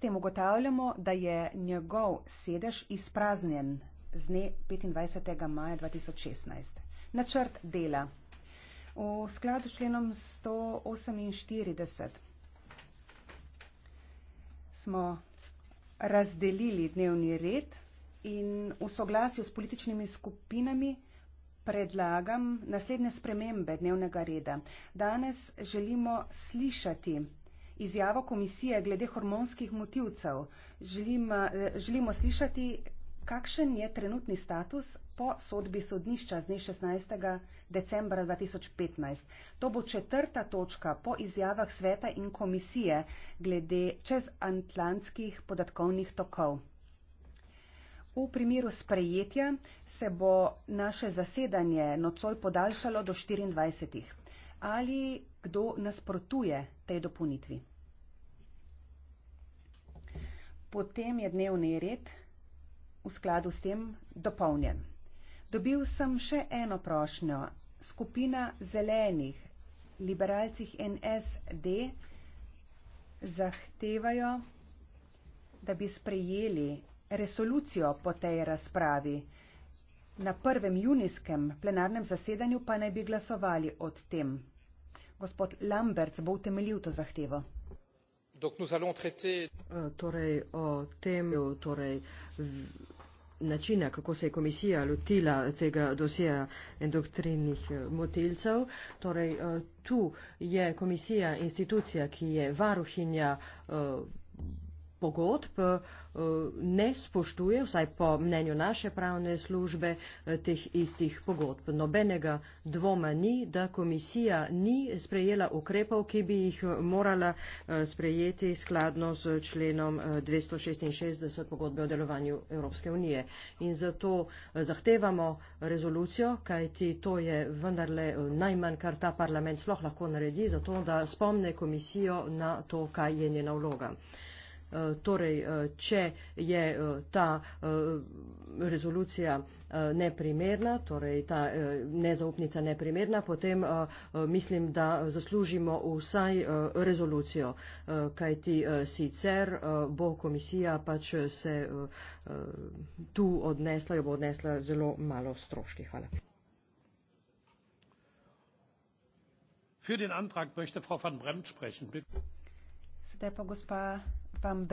tem ugotavljamo, da je njegov sedež izpraznjen z dne 25. maja 2016. Načrt dela. V skladu s členom 148 smo razdelili dnevni red in v soglasju s političnimi skupinami predlagam naslednje spremembe dnevnega reda. Danes želimo slišati izjavo komisije glede hormonskih motivcev. Želim, eh, želimo slišati, kakšen je trenutni status po sodbi sodnišča z dne 16. decembra 2015. To bo četrta točka po izjavah sveta in komisije glede čezantlantskih podatkovnih tokov. V primeru sprejetja se bo naše zasedanje nocoj podaljšalo do 24. Ali kdo nasprotuje tej dopunitvi? potem je dnevni red v skladu s tem dopolnjen. Dobil sem še eno prošnjo. Skupina zelenih, liberalcih NSD, zahtevajo, da bi sprejeli resolucijo po tej razpravi. Na prvem junijskem plenarnem zasedanju pa naj bi glasovali o tem. Gospod Lamberts bo utemeljil to zahtevo. Eh, torej, o tem, torej, načina, kako se je komisija lotila tega dosija endoktrinnih eh, motilcev. Torej, eh, tu je komisija institucija, ki je varuhinja. Uh, pogodb eh, ne spoštuje, vsaj po mnenju naše pravne službe, eh, teh istih pogodb. Nobenega dvoma ni, da komisija ni sprejela ukrepov, ki bi jih eh, morala sprejeti skladno z členom 266 pogodbe o delovanju Evropske unije. In zato zahtevamo rezolucijo, kajti to je vendarle najmanj, kar ta parlament sploh lahko naredi, zato da spomne komisijo na to, kaj je njena vloga. Eh, torej, eh, če je eh, ta rezolucija neprimerna, torej ta nezaupnica neprimerna, potem mislim, da zaslužimo vsaj rezolucijo, kajti sicer bo komisija pač se tu odnesla, jo bo odnesla zelo malo stroški. Hvala. Für den Antrag möchte Frau van Bremt sprechen. Bitte. Sedaj pa gospa Um,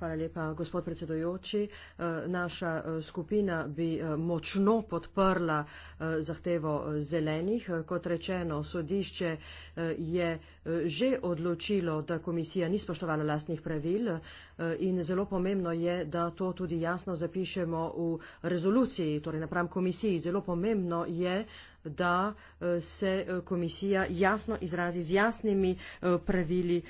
Hvala lepa, gospod predsedojoči. Uh, naša uh, skupina bi uh, močno podprla zahtevo zelenih. Kot rečeno, sodišče je že odločilo, da komisija ni spoštovala lastnih pravil in zelo pomembno je, da to tudi jasno zapišemo v rezoluciji, torej napram komisiji. Zelo pomembno je, da eh, se eh, komisija jasno izrazi z jasnimi eh, pravili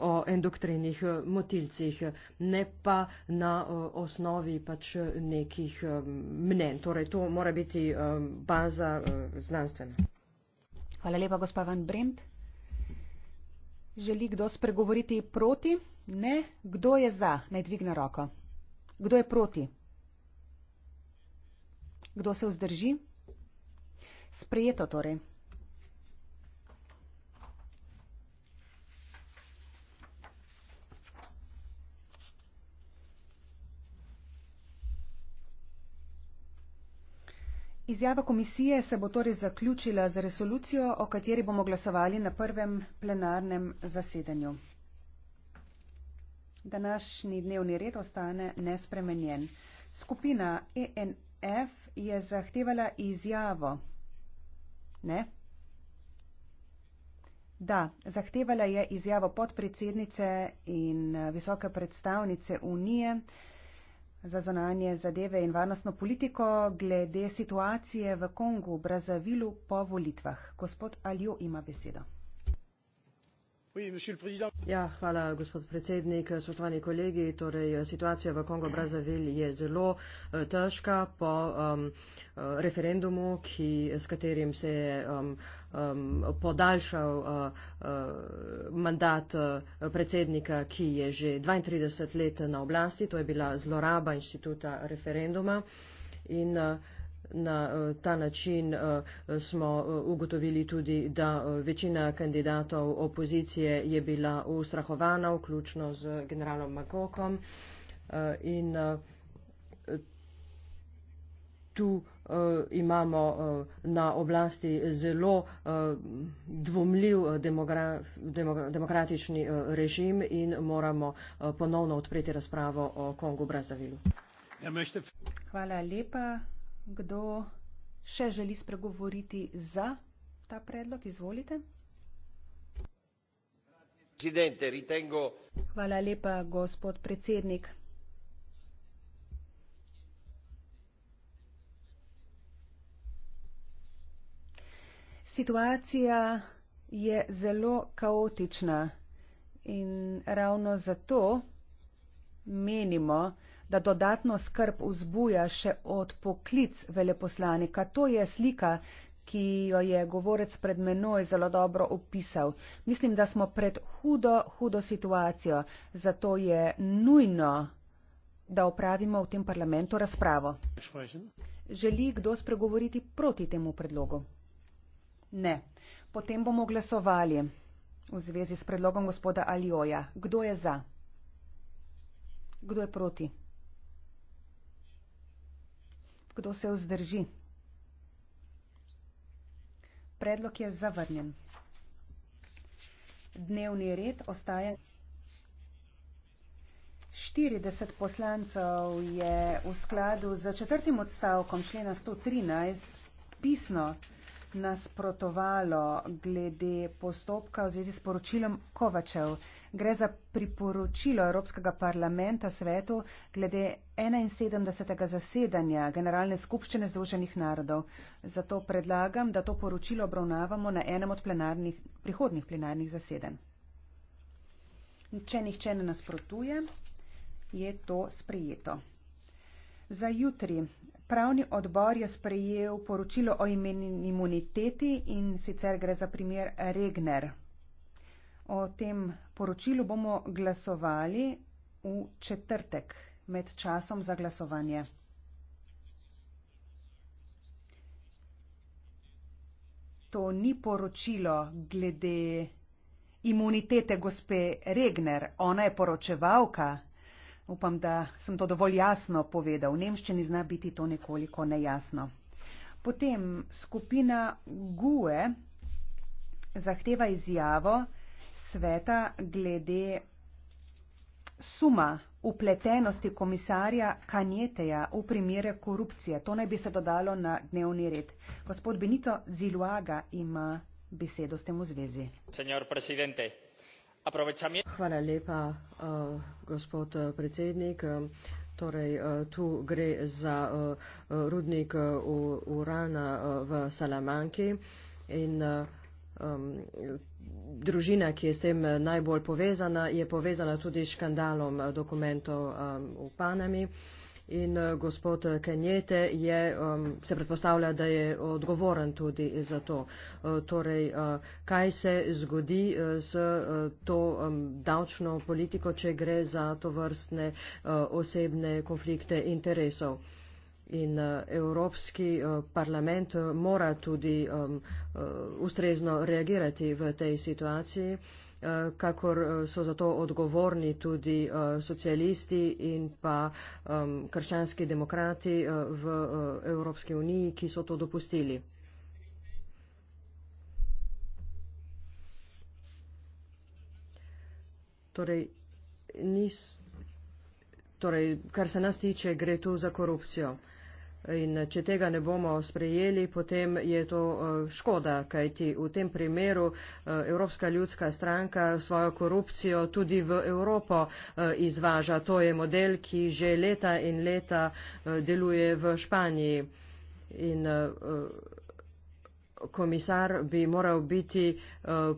o endokrinih motilcih, ne pa na osnovi pač nekih mnen. Torej, to mora biti baza znanstvena. Hvala lepa, gospa Van Brent. Želi kdo spregovoriti proti? Ne. Kdo je za? Naj dvigne roko. Kdo je proti? Kdo se vzdrži? sprejeto torej. Izjava komisije se bo torej zaključila z resolucijo, o kateri bomo glasovali na prvem plenarnem zasedanju. Današnji dnevni red ostane nespremenjen. Skupina ENF je zahtevala izjavo Ne? Da, zahtevala je izjavo podpredsednice in eh, visoke predstavnice Unije za zonanje zadeve in varnostno politiko glede situacije v Kongu, Brazavilu po volitvah. Gospod Aljo ima besedo. Ja, hvala, gospod predsednik. Spoštovani kolegi, torej, situacija v Kongo Brazavil je zelo eh, težka po um, eh, referendumu, ki, s katerim se je um, um, podaljšal uh, uh, mandat predsednika, ki je že 32 let na oblasti. To je bila zloraba inštituta referenduma. In, uh, na eh, ta način eh, smo eh, ugotovili tudi, da večina kandidatov opozicije je bila ustrahovana, vključno z generalom Makokom. In tu imamo na oblasti zelo dvomljiv demokratični režim in moramo ponovno odpreti razpravo o Kongu Brazavilu. Ja, Hvala lepa. Kdo še želi spregovoriti za ta predlog? Izvolite. Hvala lepa, gospod predsednik. Situacija je zelo kaotična in ravno zato menimo, da dodatno skrb vzbuja še od poklic veleposlanika. To je slika, ki jo je govorec pred menoj zelo dobro opisal. Mislim, da smo pred hudo, hudo situacijo, zato je nujno, da opravimo v tem parlamentu razpravo. Želi kdo spregovoriti proti temu predlogu? Ne. Potem bomo glasovali v zvezi s predlogom gospoda Aljoja. Kdo je za? Kdo je proti? kdo se vzdrži. Predlog je zavrnjen. Dnevni red ostaja. 40 poslancev je v skladu z četrtim odstavkom člena 113 pisno nasprotovalo glede postopka v zvezi s poročilom Kovačev. Gre za priporočilo Evropskega parlamenta svetu glede 71. zasedanja Generalne skupščine Združenih narodov. Zato predlagam, da to poročilo obravnavamo na enem od plenarnih, prihodnih plenarnih zasedanj. Če nihče ne nasprotuje, je to sprejeto za jutri. Pravni odbor je sprejel poročilo o imuniteti in sicer gre za primer Regner. O tem poročilu bomo glasovali v četrtek med časom za glasovanje. To ni poročilo glede imunitete gospe Regner. Ona je poročevalka. Upam, da sem to dovolj jasno povedal. V nemščini zna biti to nekoliko nejasno. Potem skupina GUE zahteva izjavo sveta glede suma upletenosti komisarja Kanjeteja v primere korupcije. To naj bi se dodalo na dnevni red. Gospod Benito Ziluaga ima besedo s tem v zvezi. Senor presidente, Hvala lepa, eh, gospod eh, predsednik. Eh, torej, tu gre za rudnik urana v Salamanki in družina, ki je s tem najbolj povezana, je povezana tudi s škandalom dokumentov v Panami. In eh, gospod Kenjete je, um, se predpostavlja, da je odgovoren tudi za to. Eh, torej, eh, kaj se zgodi z to um, davčno politiko, če gre za to vrstne osebne konflikte interesov? In Evropski parlament mora tudi um, ustrezno reagirati v tej situaciji. Eh, kakor eh, so za to odgovorni tudi eh, socialisti in pa krščanski demokrati v Evropski uniji, ki so to dopustili. Torej, nis, torej, kar se nas tiče, gre tu za korupcijo. Uh, In če tega ne bomo sprejeli, potem je to eh, škoda, kajti v tem primeru eh, Evropska ljudska stranka svojo korupcijo tudi v Evropo eh, izvaža. To je model, ki že leta in leta deluje v Španiji. In komisar bi moral biti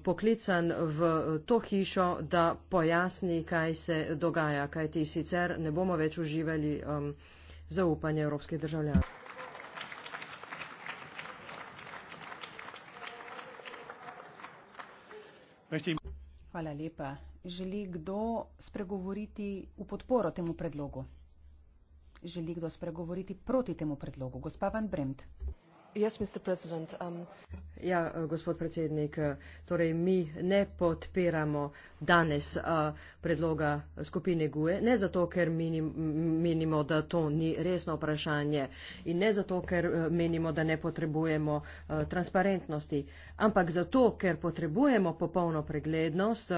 poklican v to hišo, da pojasni, kaj se dogaja, kajti sicer ne bomo več uživali. Um, zaupanje evropskih državljanov. Hvala lepa. Želi kdo spregovoriti v podporo temu predlogu? Želi kdo spregovoriti proti temu predlogu? Gospa Van Bremt. Um, ja, eh, gospod predsednik, eh, torej mi ne podpiramo danes eh, predloga skupine GUE, ne zato, ker menimo, da to ni resno vprašanje in ne zato, ker menimo, da ne potrebujemo transparentnosti, ampak zato, ker potrebujemo popolno preglednost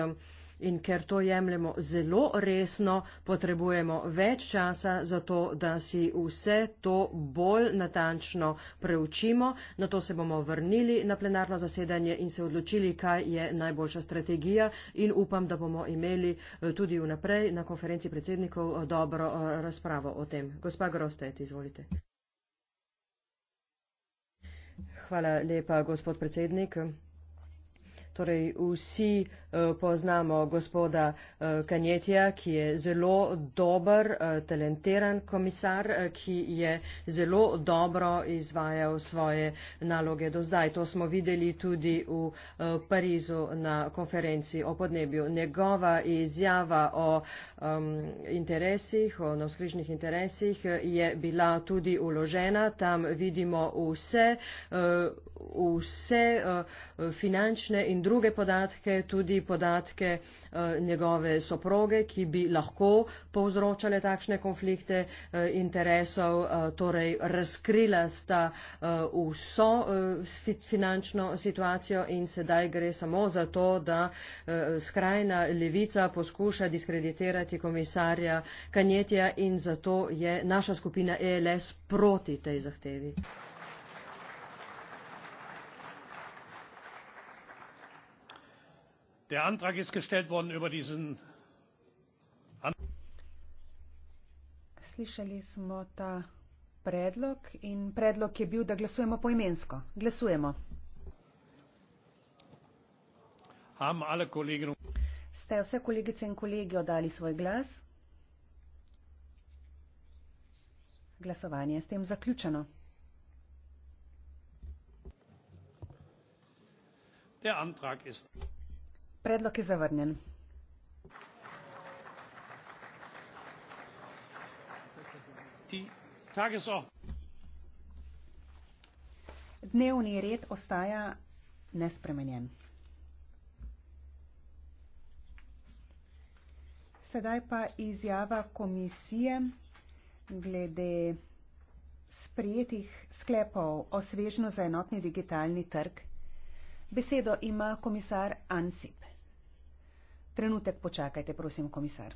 in ker to jemljemo zelo resno, potrebujemo več časa za to, da si vse to bolj natančno preučimo. Na to se bomo vrnili na plenarno zasedanje in se odločili, kaj je najboljša strategija in upam, da bomo imeli eh, tudi vnaprej na konferenci predsednikov eh, dobro eh, razpravo o tem. Gospa Grostet, izvolite. Hvala lepa, gospod predsednik. Torej, vsi eh, poznamo gospoda eh, Kanjetija, ki je zelo dober, eh, talentiran komisar, ki je zelo dobro izvajal svoje naloge do zdaj. To smo videli tudi v Parizu na konferenci o podnebju. Njegova izjava o um, interesih, o navskrižnih interesih je bila tudi uložena. Tam vidimo vse, vse finančne in druge podatke, tudi podatke eh, njegove soproge, ki bi lahko povzročale takšne konflikte eh, interesov, eh, torej razkrila sta vso finančno situacijo in sedaj gre samo za to, da skrajna levica poskuša diskreditirati komisarja Kanjetja in zato je naša skupina ELS proti tej zahtevi. der antrag ist gestellt worden über diesen Slišali smo ta predlog in predlog je bil, da glasujemo poimensko. Glasujemo. Haben alle kolegin... Ste vse kolegice in kolegi oddali svoj glas? Glasovanje je s tem zaključeno. Der antrag ist... Predlog je zavrnjen. Dnevni red ostaja nespremenjen. Sedaj pa izjava komisije glede sprijetih sklepov o svežnju za enotni digitalni trg. Besedo ima komisar Ansip. Trenutek počakajte, prosim, komisar.